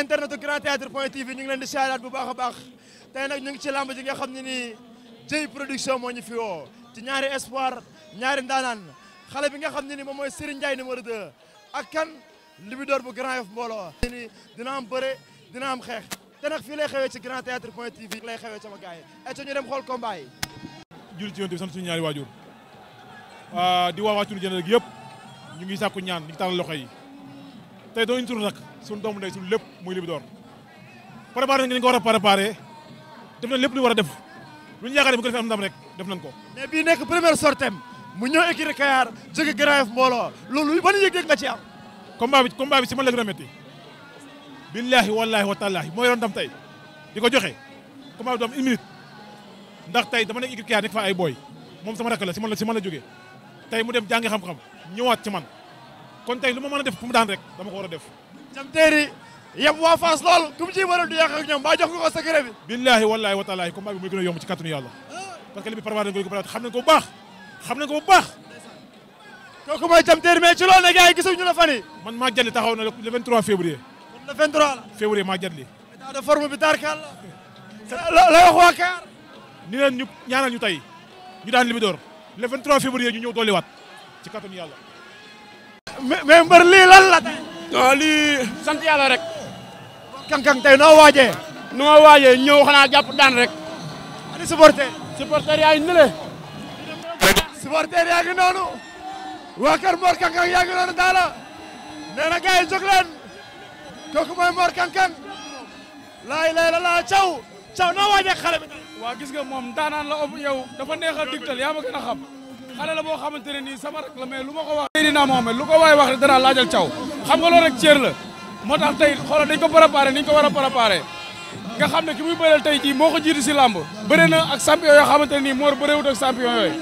internet grand théâtre point tv ñu ngi leen di xalaat bu baaxa baax tay nak ñu ngi ci lamb ji nga xamni ni jey production mo ñu fi wo ci ñaari espoir ñaari ndanan xale bi nga xamni ni mo moy Serigne Ndiaye numéro 2 ak kan Libidor bu Grand yof mbolo ni dina am beure dina am xex tay nak fi lay xewé ci grand théâtre point tv lay xewee sama gars yi ñu dem xol combat yi jul ci yoon sant suñu ñaari ah di waa waajur jënd rek yëpp ñu ngi sakku ñaan ñu tan tàllal yi tey doo ñu tur nag suñu doomu ndey suñu lépp muy Libidor préparé nañ ko war a préparé def nañ lépp lu war a def lu ñu yaakaar ne bu ko defee am ndam rek def nañ ko. mais bii nekk première sortem mu ñëw écurie Kayar jóge Grand mbooloo loolu ban yëg-yëg nga ci am. combat bi combat bi si man la gën a métti billaahi wallaahi wa taalaahi moo yoroon ndam tey di ko joxe combat bi du am ndax tey dama nekk écurie Kayar nekk fa ay booy moom sama rakk la si man la si man la jógee tey mu dem jàngi xam ñëwaat ci man. kon tay luma meuna def kum daan rek dama ko wara def jam teeri yeb wa Fass lol kum ci ciy war a ak ñom ba jox ko secret bi billahi wallahi wa taalaahi combat bi muy gëna yom ci katunu yàlla parce que limi parwa préparé nañ ko xam nañ ko bu baax xam nañ ko bu baax kooku mooy jam teeri mais ci lol na gaay yi gisuñu la fani man ma jëli taxaw na le 23 février le 23 la février maa jëli da da forme bi tarkal la la wax waa Kaar ni len ñu ñaanal ñu tay ñu daan limi dor le 23 février ñu ñëw doli wat ci katunu yàlla mais mbër lii lan la tey. non lii sant yàlla rek. kankang tey noo waajee. nu ma waajee ñëw xanaa jàpp daan rek. ani supporter. supporter yaa ngi nële. supporter yaa ngi noonu. waa kër Mor kankang yaa ngi noonu daal la. nee na gars yi jóg leen. laay lay la caw. caw noo waajee xale bi tey. waa gis nga moom daanaan la ëpp yow dafa neex a digtal yaa ma xale la boo xamante ne nii sama rak la mais lu ma ko wax Seydina Mohamed lu ko waay wax rek dana laajal caw xam nga loolu rek cër la moo tax tey xoolal dañ ko préparé ni ko war a préparé nga xam ne ki muy bëreel tey jii moo ko jiitu si làmb bëre na ak champion yoo xamante ne nii moor bëreewut ak champion yooyu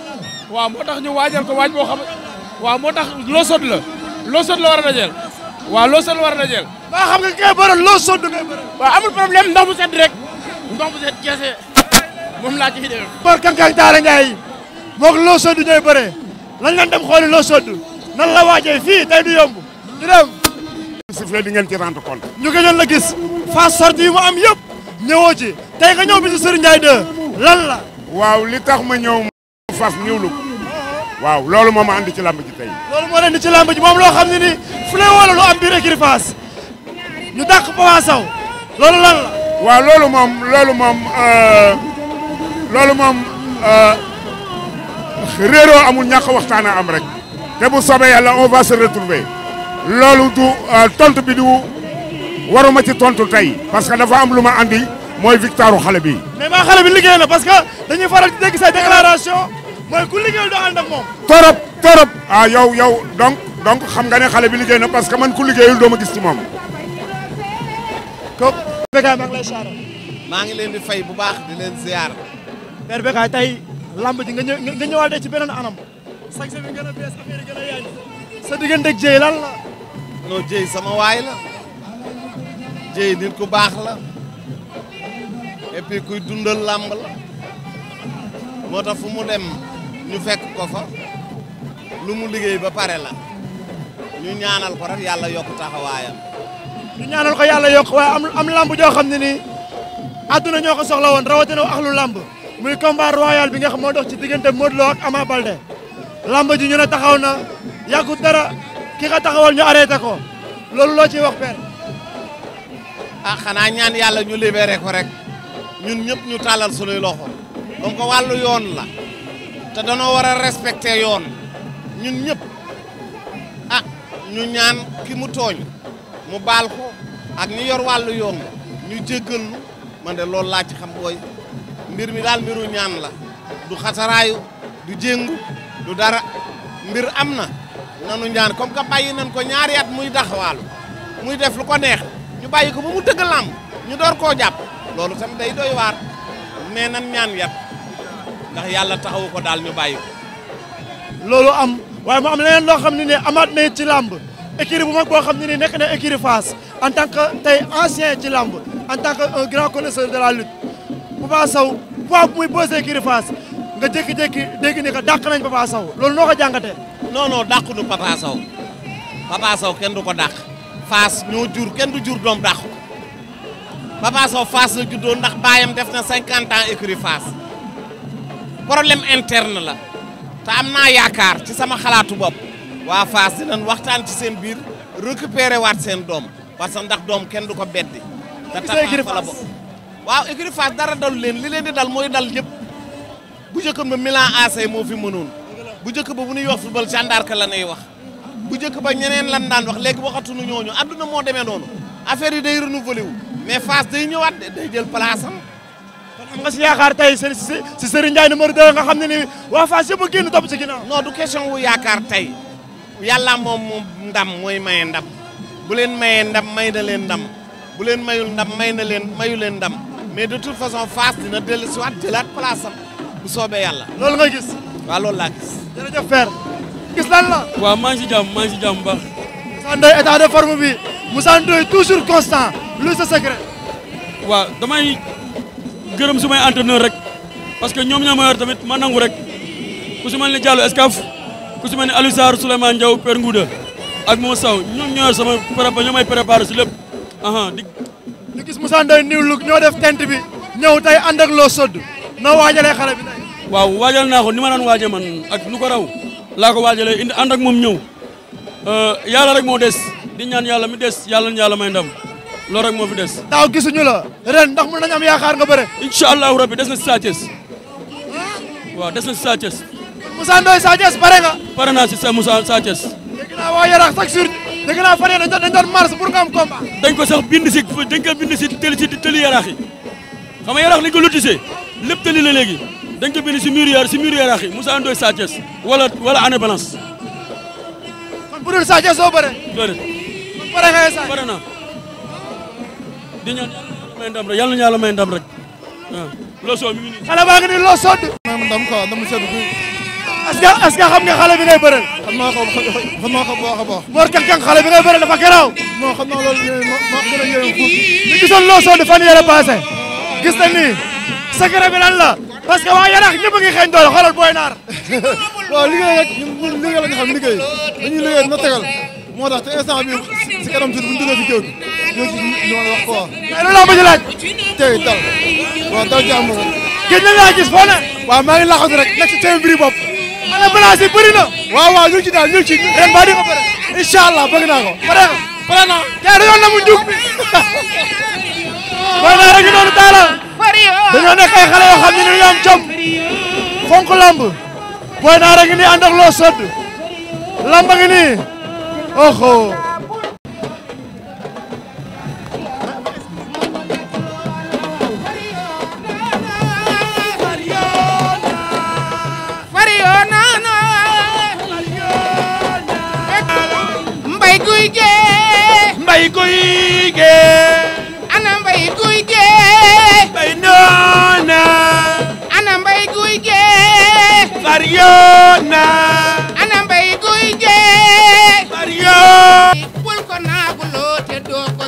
waaw moo tax ñu waajal ko waaj boo xam waaw moo tax losot la losot la war a dajeel waaw losot la war a dajeel waa xam nga kay bëral losot du ngay bëral waaw amul problème ndox mu set rek ndox mu moom laa ci fi def bor kankan taala ngaay mok lo soddu ñoy bëree lañ lan dem xol lo soddu nan la waajee fi tay du yomb di dem. sifflet di ngeen ci rendre compte. ñu gëjoon la gis fa sorti mu am yëpp ñëwoo ci tay nga ñëw ci Serigne Ndiaye de lan la. waaw li tax ma ñëw fas ñëwlu waaw loolu moma andi ci lamb ji tay loolu mo leen ci lamb ji mom lo xamni ni fu ne wala lu am rek ri Fass ñu dakk Papa saw loolu lan la. waaw loolu mom loolu euh loolu euh réeroo amul ñàkk waxtaan am rek te bu soobee yàlla on va se retrouver loolu du euh, tontu bi du waruma ci tontu tey parce que dafa am lu ma andi mooy victoire xale bi. mais maa xale bi liggéey na parce que dañuy faral di dégg sa déclaration mooy ku liggéeyul doo ànd moom. torop torop ah yow yow donc donc xam nga ne xale bi liggéey na parce que man ku liggéeyul doo ma gis ci moom. kooku. Bécaye maa ngi leen di fay bu baax di tey. lamb ji nga ñëw nga ci beneen anam sañse bi gën a bees affaire yi gën sa diggante ak Dieye lan la non Dieye sama waay la Dieye nit ku baax la et puis kuy dundal làmb la moo tax fu mu dem ñu fekk ko fa lu mu liggéey ba pare la ñu ñaanal ko rek yàlla yokk taxawaayam ñu ñaanal ko yàlla yokk waaye am am làmb joo xam ne nii àdduna ñoo ko soxla woon rawatina axlu muy combat royal bi nga xam moo dox ci diggante Modou Lo ak Ama Balde lamb ji ñu taxaw na yàggu dara ki nga taxawal ñu arrêté ko loolu loo ciy wax père. ah xanaa ñaan yàlla ñu libéré ko rek ñun ñëpp ñu tàllal sunuy loxo comme que wàllu yoon la te danoo war a respecté yoon ñun ñëpp ah ñu ñaan ki mu tooñ mu baal ko ak ñu yor wàllu yoon ñu jéggal lu man de loolu laa ci xam booy. mbir mi daal mbiru ñaan la du xasaraayu du jéng du dara mbir am na nanu ñaan comme que bàyyi nañ ko ñaari at muy daxawaalu muy def lu ko neex ñu bàyyi ko ba mu tëgg làmb ñu door koo jàpp loolu tam day doy waar mais nan ñaan yat ndax yàlla taxawu ko daal ñu bàyyi loolu am waaye mu am leneen loo xam ne ne amaat na ci làmb écurie bu mag boo xam ne ni nekk na écurie Fass en tant que tey ancien ci làmb en tant que un grand connaisseur de Papa Sow poids bu muy posé Gris Fass nga jékki-jékki dégg ni ko dàq nañ Papa Sow loolu noo ko noonoo non dàq nu Papa Sow kenn du ko dàq. Fass ñoo jur kenn du jur doom dàq ko Papa Sow Fass la juddoo ndax baayam def na cinquante ans écurie Fass problème interne la te am naa yaakaar ci sama xalaatu bopp waa Fass dinañ waxtaan ci seen biir récupérer waat seen doom parce que ndax doom kenn du ko beddi. te taxaw fa waaw écurie Fass dara dal leen li leen di dal mooy dal ñëpp bu njëkkoon ba Milan AC moo fi mënoon bu njëkk ba bu ñuy wax football gendarme la nay wax bu njëkk ba ñeneen lan daan wax léegi waxatuñu ñooñu aduna moo demee noonu affaire yi day renouvelé wu mais Fass day ñëwaat day jël place am. kon am nga si yaakaar tey si si Serigne Ndiaye numéro 2 nga xam ne ni waa Fass yëpp a génn topp si ginnaaw. non du question wu yaakaar tey yàlla moom moom ndam mooy maye ndam bu leen maye ndam may na leen ndam bu leen mayul ndam may na leen mayu leen ndam. mais de toute façon Fass dina dellusiwaat jëlaat place am bu soobee yàlla. loolu nga gis. waaw loolu laa gis. jërëjëf Fer gis lan la. waaw maa ngi si jàmm maa ngi si jàmm bu baax. Moussa Ndoye de forme bi Moussa Ndoye toujours constant lu sa secret. waaw damay gërëm sumay entraîneur rek parce que ñoom ñoo ma tamit ma nangu rek ku si mel ni ku si mel ni Aliou Sarr Souleymane Diaw Père Ngouda ak Moussa Sow ñoom ñoo yor sama prépa ñoom ay préparé si lépp ñu gis Moussa Ndoye New ñoo def tent bi ñëw tey ànd ak loo sodd noo waajalee xale bi tey. waaw waajal naa ko ni ma daan waaje man ak nu ko raw laa ko waajalee indi ànd ak moom ñëw euh, yàlla rek moo des di ñaan yàlla mi des yàlla na yàlla may ndam loolu rek moo fi des. daaw gisuñu la ren ndax mën nañu am yaakaar nga bëre. incha allahu rabi des na si Sa Thiès waaw des na si Sa Thiès. Moussa Sa Thiès pare nga. pare naa si sa Moussa Sa da nga naa faree dañ mars pour nga combat. dañ ko sax bind si dañ ko bind si tëli si tëli yaraax yi xam nga yaraax ko lotissé lépp tëli la léegi dañ ko bind si mur yar si mur yaraax yi Moussa Ndoye Sa wala wala Ana Balance. kon bu dul Sa Thiès soo bëree. déedéet Sa di ñaan may ndam rek may ndam rek ah, mi ndam ndam est-ce que est-ce que xam nga xale bi ngay bëreel. xam naa ko xam naa ko baax a baax. Mor Kang Kang xale bi ngay bëreel dafa garaaw. non xam naa loolu ma ma gën a yërëm foofu. ñu gisoon loo soog di fan yële passé gis nañ ni secret bi lan la parce que waa Yarax ñëpp a ngi xeeñ doole xoolal booy naar. waaw liggéey rek ñun liggéey la ñu xam liggéey dañuy liggéey dina tegal moo tax te instant bii si kanam tuuti bu ñu duggee si géew gi ñoo ci ñoo wax quoi. mais loolu laa ma ci laaj. tey dal waaw dal jàmm. gis nañ laa gis foo ne. waaw maa ngi laxatu rek nekk ci seen mbiri bopp man place yi bëri na wow waaw ñu ngi ci daal ñu ngi ci allah bëgg naa ko pare pare naa tey dañoo namu njuk bi mooy naa rek noonu taala dañoo nekk ay xale yoo xam ne ñu ni oho guy gee ana mbay guy gee mbay noona ana mbay guy gee far yoona ana mbay guy gee far yoona bul ko naaguloo te doo ko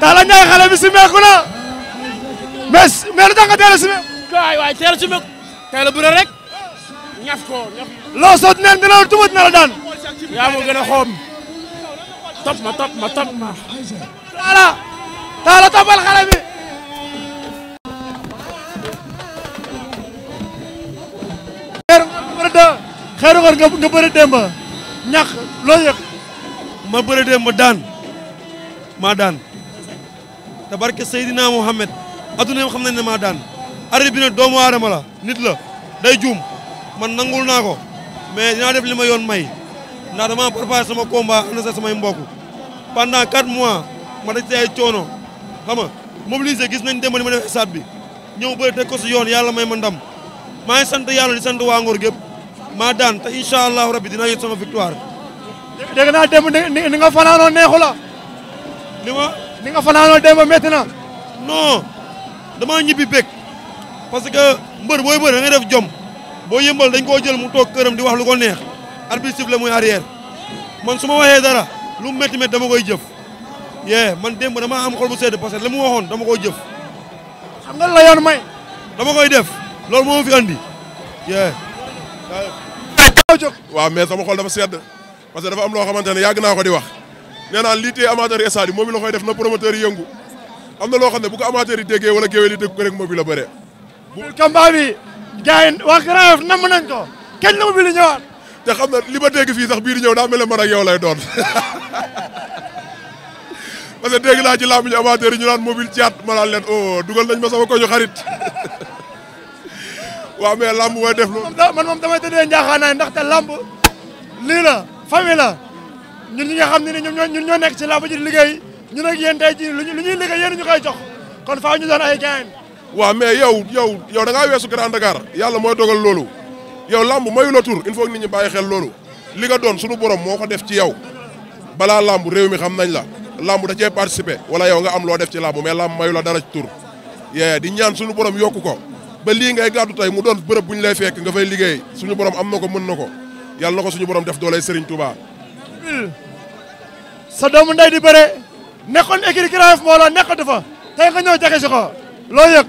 Talla Ndiaye xale bi si meeku na mais lu tax nga teel a sumé. waay waay teel a sumé teel a bëre rek. ñaf ko ñaf. loo soog neen dina la tumat na la daan. yaa ma gën a xoom. topp ma topp ma topp ma. taala taala toppal xale bi. xeeru ngor nga bëri démb ñax loo yëg. ma bëri démb daan maa daan tabarke Seydina Mohamed. adduna yëpp xam nañ ne maa daan arbitre bi ne doomu aadama la nit la day juum man nangul naa ko mais dinaa def li ma yoon may ndax dama préparé sama combat ànd sa samay mbokk pendant 4 mois ma daj ay coono xam nga mobilisé gis nañ démb ni ma def stade bi ñëw bëri teg ko si yoon yàlla may ma ndam maa ngi sant yàlla di sant waa Ngor gépp maa daan te incha allahu rabbi dinaa yot sama victoire. dégg naa démb ni nga fanaanoo neexu la. li fanaanoo démb métti na. dama ñibi bekk parce que mbeur boy mbër da ngay def jom bo yembal dañ ko jël mu tok kërëm di wax lu ko neex arbitre siffle muy arrière man suma ma dara lu metti met dama koy jëf ye man demb dama am xol bu sédd parce que li waxon dama koy jëf. xam nga la yoon may. dama koy def lool mo fi andi ye wa mais sama xol dama sédd parce que dafa am lo xamantene yag na ko di wax nena lité amateur stade yi la koy def na promoteur yëngu amna lo xamne bu ko amateur yi déggee wala géwél yi dégg ko rek mobile la bëre. bu combat bi gars wa waa nam nañ ko mo la li ñëwaat. te xamna li ba dégg fi sax biir ñëw da mel ne man ak yow lay doon parce que dégg la ci lamu ñu amateur yi ñu naan mobile chat ma la leen oh dugal nañ ma sama koñu xarit wa mais lamu wa def loolu. man mom damay tëddee ndax ndaxte làmb li la famille la ñun ñi nga xamni ne ñoo ñun ñoo nekk ci làmb ji di liggéey. ñu nag tey jii lu ñuy lu liggéey yéen ñu koy jox kon faaw ñu doon ay gain. waaw mais yow yow yow weesu Grand Dakar yàlla mooy dogal loolu yow lamb mayu la tur il faut nit ñi bàyyi xel loolu li nga doon sunu borom moo ko def ci yow balaa lamb réew mi xam nañ la lamb da cee participer wala yow nga am loo def ci lamb mais lamb mayu la dara ci tur yee di ñaan sunu borom yokku ko ba lii ngay gàddu tey mu doon bërëb bu ñu lay nga fay liggéey suñu borom am na ko mën na ko yàlla na ko suñu borom def dooley Serigne Touba. sa nekkoon écurie Grand Yoff Mbooloo nekkatu fa tey nga ñëw jege si ko loo yëg.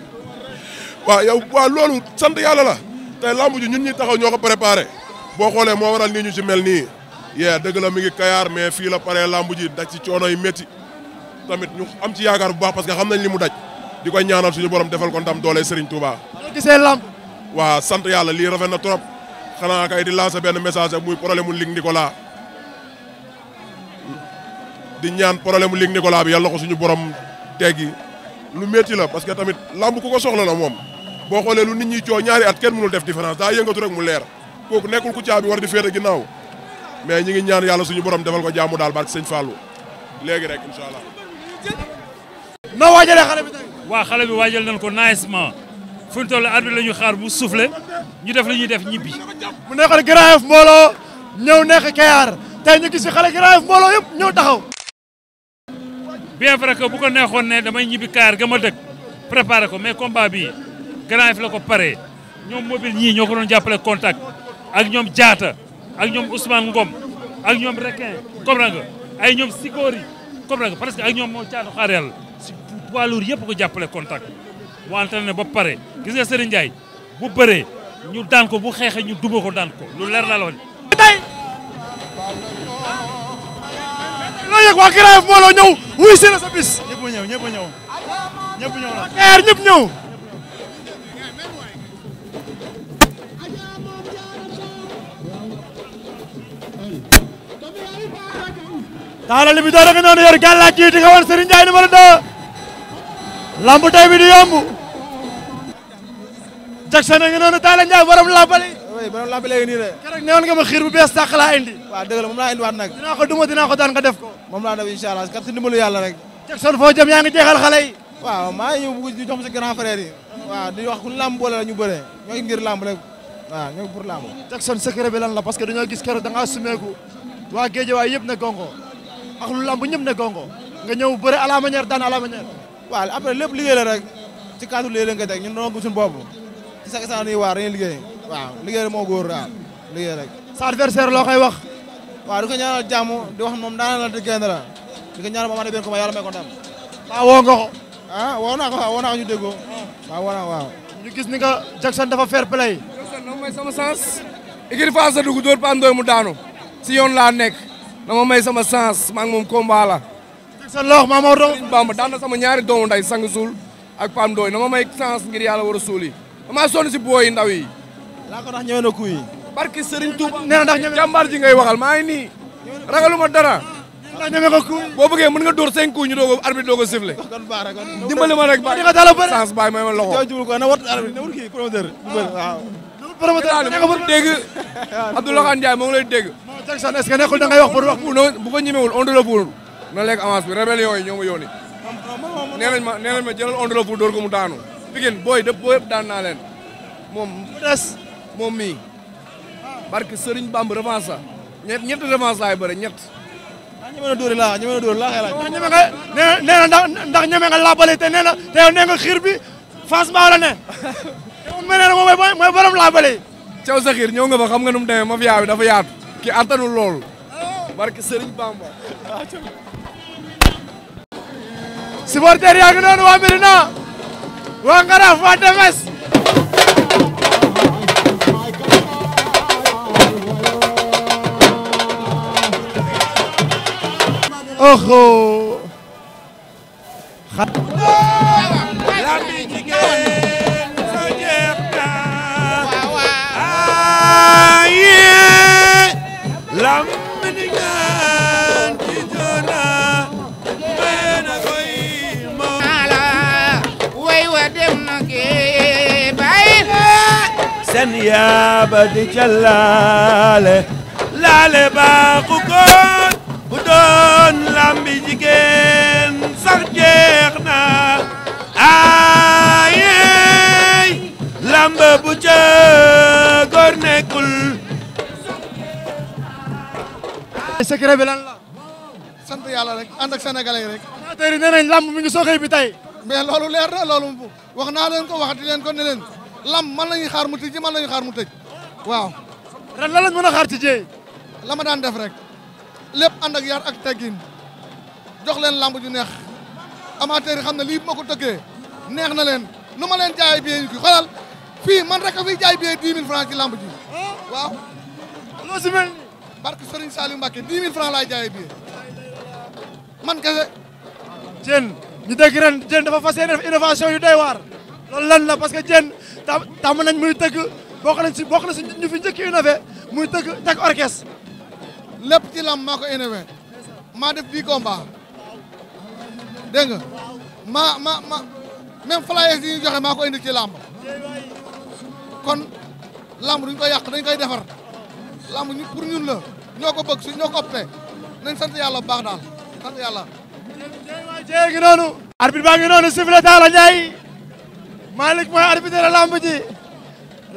waaw yow waaw loolu sant yàlla la tey lamb ji ñun ñi taxaw ñoo ko préparé boo xoolee moo waral nii ñu ci mel nii yee dëgg mi ngi kayaar mais fii la paree lamb ji daj si coono yu métti tamit ñu am ci yaakaar bu baax parce que xam nañ li mu daj di ko ñaanal suñu borom defal ko ndam doole Serigne Touba. nga gisee lamb. waaw sant yàlla lii rafet na trop xanaa kay di lancer benn message ak muy problème mu Luc Nicolas di ñaan problème mu Ligue Nicolas bi yàlla ko suñu borom teggi lu métti la parce que tamit lamb ku ko soxla la moom boo xoolee lu ni ñi coow ñaari at kenn mënul def différence daa yëngatu rek mu leer kooku nekkul ku caabi war di féete ginnaaw mais ñi ngi ñaan yàlla suñu borom defal ko jaamu daal barke sëñ Fallou léegi rek incha allah. noo waajalee xale bi waa waaw xale bi waajal nañ ko naajement fu ñu toll arbitre la ñu xaar bu soufflé ñu def li ñuy def ñibbi. mu nekkoon Grand Yoff mbooloo ñëw nekk Kayar tey ñu gis fi xale Grand Yoff mbooloo yëpp ñëw bien vrai que bu ko neexoon ne damay ñibbi kaar ga ma dëkk préparé ko mais combat bi Grand Yoff la ko pare ñoom mobile ñii ñoo ko doon jàppale contact ak ñoom jaata ak ñoom Ousmane Ngom ak ñoom Requin comprendre nga ay ñoom Sikori comprendre nga parce que ak ñoom moo caatu xaar yàlla si poids lourd yëpp ko jàppale contact mu entraîné ba pare gis nga Serigne Ndiaye bu bëree ñu daan ko bu xeexee ñu duma ko daan ko lu leer la loon loo yëg waa taala li bi doon nga noonu yor gàllaaj yi di nga wan Serigne Ndiaye numéro Jackson a nga taala Ndiaye borom lambali oui ba doon làmb léegi nii de. keroog neewoon nga ma xiir bu bees tàq laa indi. waaw dëgg la moom laa indiwaat nag. dinaa ko duma dinaa ko daan nga def ko. moom laa def di wax ku làmb boole la ñu bëree ñoo ngir làmb rek waaw ñoo pour làmb. Jackson secret bi lan la parce que dañoo gis keroog da ngaa sumeeku waa géej waay yëpp ne gongo ak lu làmb ñëpp ne gongo nga ñëw bëre après lépp liggéey la rek ci cadre léeg-léeg nga teg ñun dañoo gëm suñu bopp ci sa saa nuy waar dañuy waaw liggéey moo góor daal liggéey rek. sa adversaire loo koy wax. waaw di ko ñaanal jàmm di wax moom daan la di génn la di ko ñaanal moom andi benn ko ba yàlla may ko ndam. waaw woo nga ko. ah woo naa ko waaw woo naa ko ñu déggoo. waaw woo naa waaw. ñu gis ni nga Jackson dafa fair play. Jackson na may sama sens. Ikir Fass la dugg dóor Pape Ndoye mu daanu. si yoon laa nekk. na ma may sama sens maa ngi combat la. Jackson la wax maa ma doon. Bamba daan sama ñaari doomu nday sang suul ak Pape Ndoye na ma may sens ngir yàlla war a suul yi. damaa sonn ndaw yi. laa ko ndax ñëwee na kuy. barki Serigne Touba nee ji ngay waxal maa ngi nii. ragaluma dara. ndax ñëwee ko kuy. boo bëggee mën nga dóor cinq coups ñu doog a arbitre doog a sifflé. kon baax rek kon dimbali ma rek bàyyi. sens bàyyi ma ma loxo. jooju jublu ko na wat arbitre na wut kii promoteur. waaw ah. promoteur bi nekkul da na lekk avance yi ñoo ma yónni. ma nee nañ ma jëlal on daanu. Pikine booy daan naa moom mii barke Serigne Bamb revanche la ñett ñett revanche laay bëre ñett. ah ñeme ndax ñeme nga laabale te nee na te yow nee nga xiir bi Fass moom mooy mooy laabale. Thiaw Sakhir ñëw nga fa xam nga nu mu demee mafia bi dafa yaatu. ki attanul lool. barke Serigne Bamba. supporter yaa ngi waa Medina waa Ngaraaf waa Tefes. oho sen yaaba di ca laale laale baaxu ko woon lambi jigéen sax jeex na ayey lamb bu ca góor nekkul secret bi lan la sant yàlla rek ànd ak sénégalais yi rek amateur yi lamb mi ngi soxee bi tey mais loolu leer na loolu wax naa leen ko waxati leen ko ne leen lamb man lañuy xaar mu tëj man lañuy xaar waaw ren lan lañ mën a xaar lama daan def rek lepp and ak yar ak teggin jox len lamb ju neex amateur yi xam ne lii ma neex na len numa len jaay bien ki xolal fi man rek a jaay bien 10 francs ci lamb ji waaw lo ci mel barke Serigne salim mbake 10 francs la jaay bien man kese jen ñu dégg ren jen dafa fassé def innovation yu doy war lool lan la parce que jen tam nañ muy tegg bokk nañ ci bokk na ci ñu fi njëkk innové muy tegg teg orchestre lepp ci lam mako ko ma def bi combat deng ma ma ma même flyers yi ñu joxe mako indi ci làmb kon làmb duñ ko yak dañ koy défar làmb ñu pour ñun la ñoko bëgg su ñoko ko nañ sant yalla bu baax dal sant yalla jëye ngi arbitre ba ngi nonu sifflé taala ñay malik mo arbitre lamb ji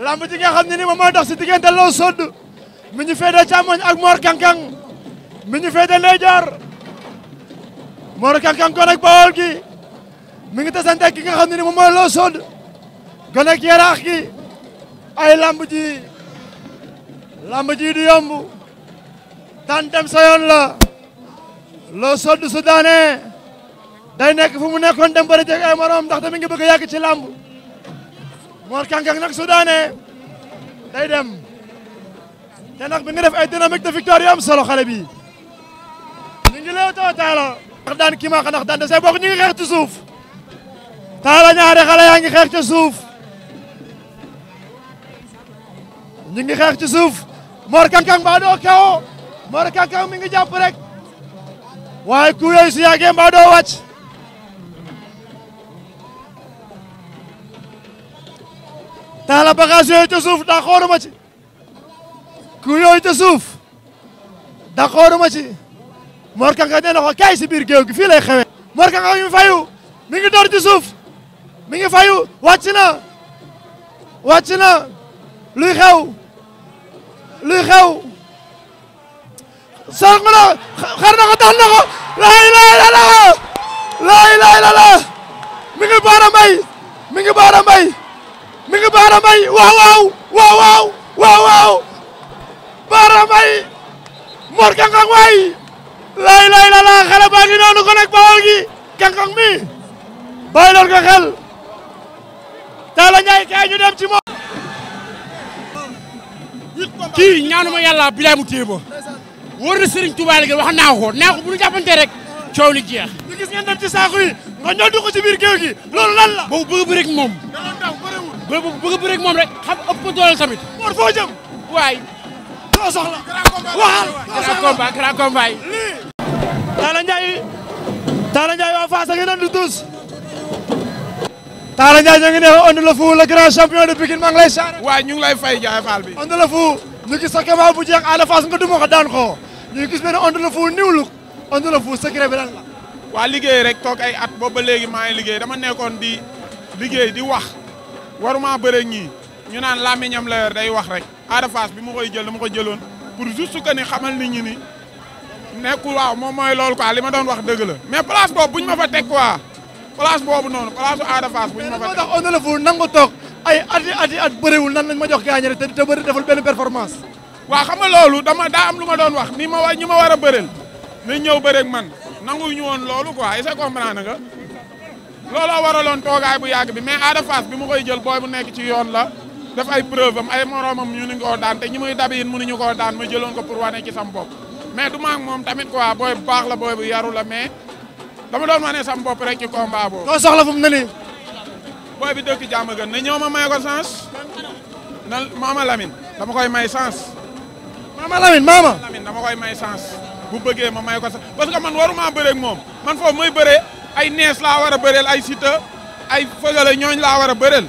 lamb ji nga xamni ni mo dox ci digënté Lo Sodou miñu fédé chamoñ ak Mor Kankang miñu fédé féete ndeyjoor Mor Kankang ko nak Bawol gi mi ngi tasante ki nga xamni mo gi ay lamb ji lamb ji du yomb tantem sa yoon la lo Sode su daanee day nek fu mu nekkon dem bari jeg ay morom ndax tamit mi ngi bëgg a ci lamb Mor Kankang nak su day dem تناخ بنغرة في أيدينا مكتة فيكتوريا مصالو خالبي نجلو تو تالا خدان كيما خنا خدان دسا بوغ نيغي خيخ تسوف تالا نهاري خلا يانغي خيخ تسوف نيغي خيخ تسوف موركان كان بادو كاو موركان كان مينغي جاب ريك واي كوي سي اگيم بادو واتش تالا بغازو تسوف دا خورو ماتش ku yooyu te suuf d'accorduma ci Mor Kanga nee na ko kaay si biir géew gi fii lay xewee Kanga mi ngi fayu mi ngi door ci suuf mi fayu wàcc na wàcc na luy xew luy xew song na xar na ko daan na ko laa ilaaha illallaah laa ilaaha illallaah mi ngi baara baara mbay mi baara mbay waaw waaw waaw waaw waaw waaw Baara Mbaye Mor Kankang waay laay laay la laa xale baa ngi ko nag bawal gi Kankang mi bàyyi leen ko xel Talla kay ñu dem ci moom kii ñaanuma yàlla bilaay mu téye ba na Serigne Touba léegi wax naa ko bu ñu jàppante rek coow li jeex. ñu gis ngeen ci saako yi nga ñoo dugg ci biir géew gi loolu lan bu rek moom. da doon daw bu rek moom rek xam ëpp ko doole tamit. Mor foo waay. soo soxla. waxal grand combat grand combat lii. Talla Ndiaye Talla Ndiaye waa Fass a ngi doon di tuus. Talla Ndiaye ñoo ngi neex Onde le Fou le grand champion de Pikine Ada Fass nga duma ko daan ko ñu gis benn Onde le Fou niwlu Onde le Fou secret bi lan la. waa liggéey rek toog di liggéey waruma bëre ñii ñu naan làmmiñam la yor day wax rek Ada bi mu koy jël dama ko jëlon pour juste que ni xamal nit ñi ni nekkul waaw moom moy lool quoi lima doon wax deug la mais place bobu buñ ma fa tek quoi place bobu non place Ada buñ ma fa tek on ne la ful nangu ay ati ati at bëreewul nan lañ ma jox gaañ te te bëre deful ben performance. wa xam nga loolu dama da am lu doon wax ni ma wa ñi ma war a bëreel nañ ñëw bëreeg man ñu won loolu quoi est-ce comprendre nga looloo waralon toogaay bu yag bi mais Ada fas bi mu koy jël boy bu nekk ci yoon la def ay preuve am ay moroomam ñu ni koo daan te ñi muy dab yin mënuñu koo daan ma jëloon ko pour wane ci sam bopp du ma moom tamit quoi booy bu baax la booy bu yaru la mais dama doon wane sam bopp rek ci combat boobu. loo soxla fu mu ne nii. booy bi dëkk jàmm gën na ñëw ma may ko sens. na maama lamin dama koy may sens. maama Lamine maama. Lamine dama koy may sens. bu bëggee ma may ko sens parce que man waruma bëree ak moom man foofu moy bëree ay nees laa war a bëreel ay sita ay fëgale ñooñ laa war a bëreel.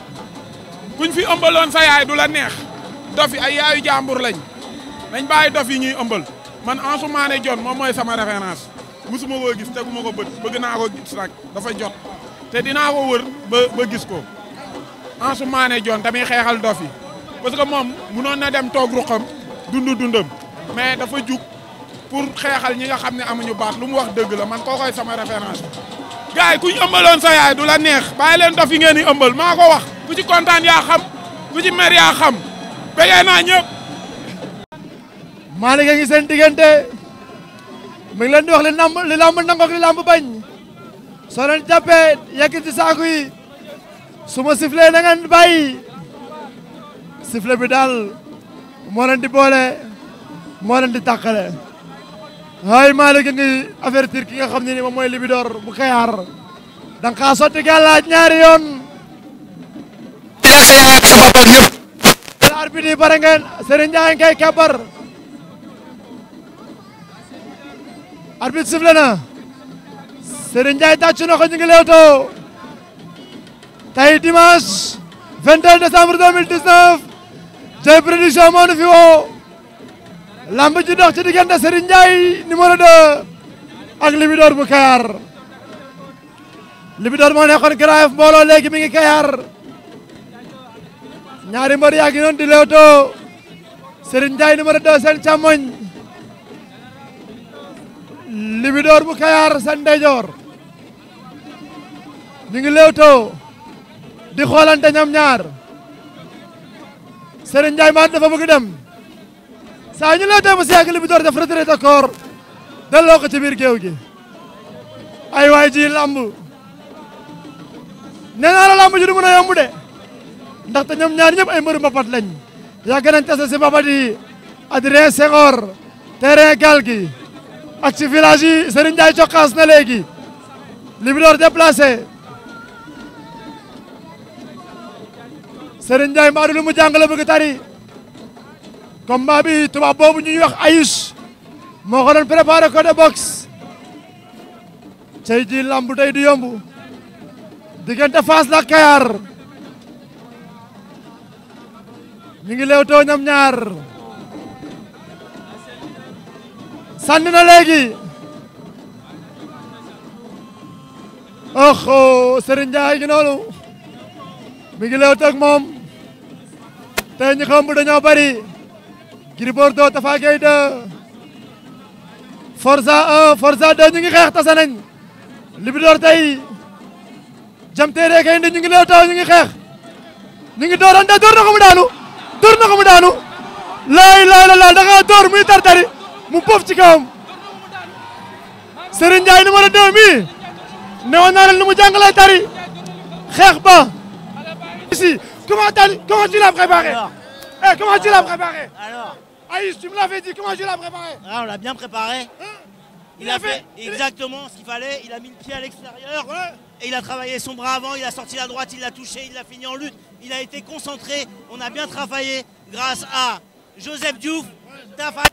kuñ fi ëmbaloon sa yaay du la neex dof yi ay yaayu jàmbur lañ nañ bàyyi dof yi ñuy ëmbal man Ansoumana Dione moom mooy sama référence musuma koo gis teguma ko bët bëgg naa ko gis nag dafa jot te dinaa ko wër ba ba gis ko Ansoumana Dione tamit xeexal dof yi parce que moom munoon na dem toog ruqam dund dundam mais dafa jug pour xeexal ñi nga xam ne amuñu baax lu mu wax dëgg la man kookoy sama référence. gars yi ku ñu ëmbaloon sa yaay du la neex bàyyi leen dof yi ngeen di ëmbal maa ko wax. ku ci contane ya xam ku ci mer ya xam beye na ñep Malick ngi sen digante mi ngi leen di wax li lamb li lamb nang ak li lamb bañ soo leen jàppee yëkkati saako yi suma ma na ngeen bàyyi sifflet bi dal mo leen di bolé mo leen di takalé hay Malick ngi avertir ki nga xamni ni Libidor bu xiyar dang ka soti galaaj ñaari yoon. ak sama bopp ñëpp. ko ñu ngi leewtoo. tey dimanche 22 décembre 2019. Dieye fi woo. lamb ji dox ci diggante Serigne Ndiaye numéro 2. ak Libidor bu Kayar. Libidor moo nekkoon Grand Yoff mbooloo léegi mi ngi ñaari mbër yaa ngi di leewtoo Serigne Ndiaye numéro 2 seen càmmoñ Libidor bu Kayar seen ndeyjoor ngi leewtoo di xoolante ñoom ñaar Serigne Ndiaye maa dafa bëgg dem saa ñu leewtoo ba si yàgg Libidor def retraité koor delloo ko ci biir géew gi ay waay ji lamb nee naa la lamb ji du mën de ndaxte ñoom ñaar ñëpp ay mbëru mbapat lañ yàgg nañ tase si mbapat yi Adrien Senghor terrain gal gi ak ci village yi Serigne na léegi Libidor déplacé Serigne Ndiaye mbaadu lu mu jàng la tari combat bi tubaab boobu ñuy wax ayus moo ko doon ko de boxe tey jii lamb tey du yomb diggante la Kayar ñu ngi leewtoo ñoom ñaar sànni na léegi oh Serigne Ndiaye gi noonu moom tey ñu xam bu dañoo bari Gris Bordeaux Tapha Gueye forsa Forza 1 Forza 2 ñu ngi xeex tase nañ Libidor tey Diam Terry kay indi ñu ngi leewtoo ñu ngi xeex ñu ngi doorante door na ko dóor ko mu daanu laay laay la laal da ngaa dóor muy tartari mu pof ci kawam Serigne Ndiaye numéro 2 mi newoon naa leen nu mu jàngalee tari xeex ba ici comment tari comment tu l'as préparé eh comment tu l'as préparé alors eh, Aïs tu me l'avais dit comment tu l'as préparé ah on l'a bien préparé il, hein? il a fait, fait exactement ce qu'il fallait il a mis le pied à l'extérieur ouais. et il a travaillé son bras avant il a sorti la droite il l'a touché il l'a fini en lutte il a été concentré. On a bien travaillé grâce à Joseph Diouf, Tafa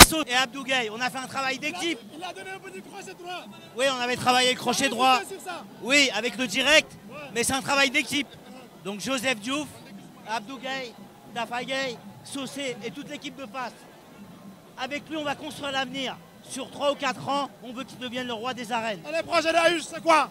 Assou et Abdou On a fait un travail d'équipe. Il a donné un petit crochet droit. Oui, on avait travaillé crochet droit. Oui, avec le direct. Mais c'est un travail d'équipe. Donc Joseph Diouf, Abdou Gay, Tafa Gay, et toute l'équipe de face. Avec lui, on va construire l'avenir. Sur 3 ou 4 ans, on veut qu'il devienne le roi des arènes. Allez, projet c'est quoi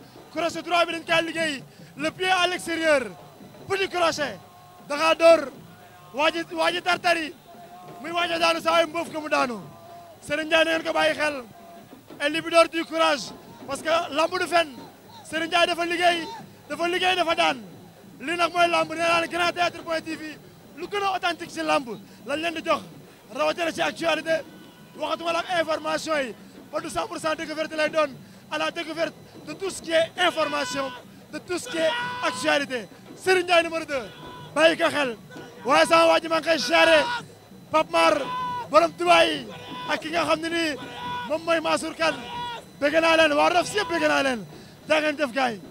crochet droit bi dañ koy liggéey le pied à l'extérieur petit crochet daxaa dóor waa tartari muy waaj a daanu saa yu mboof mu daanu Serigne Ndiaye na ngeen xel el du courage parce que lamb du fen Serigne Ndiaye dafa liggéey dafa daan lii nag mooy lamb nee Grand Théâtre point TV lu gën a authentique ci lamb lañ jox rawatina ci actualité waxatuma la ak information yi ba du 100 pour cent découverte doon à la découverte de tout ce qui est information de tout ce qui est actualité Serigne Ndiaye numéro 2 xel waaye sama waa ji maa borom Dubaay ak xam ne nii moom mooy Mansour Kane bëgg naa leen waa Rof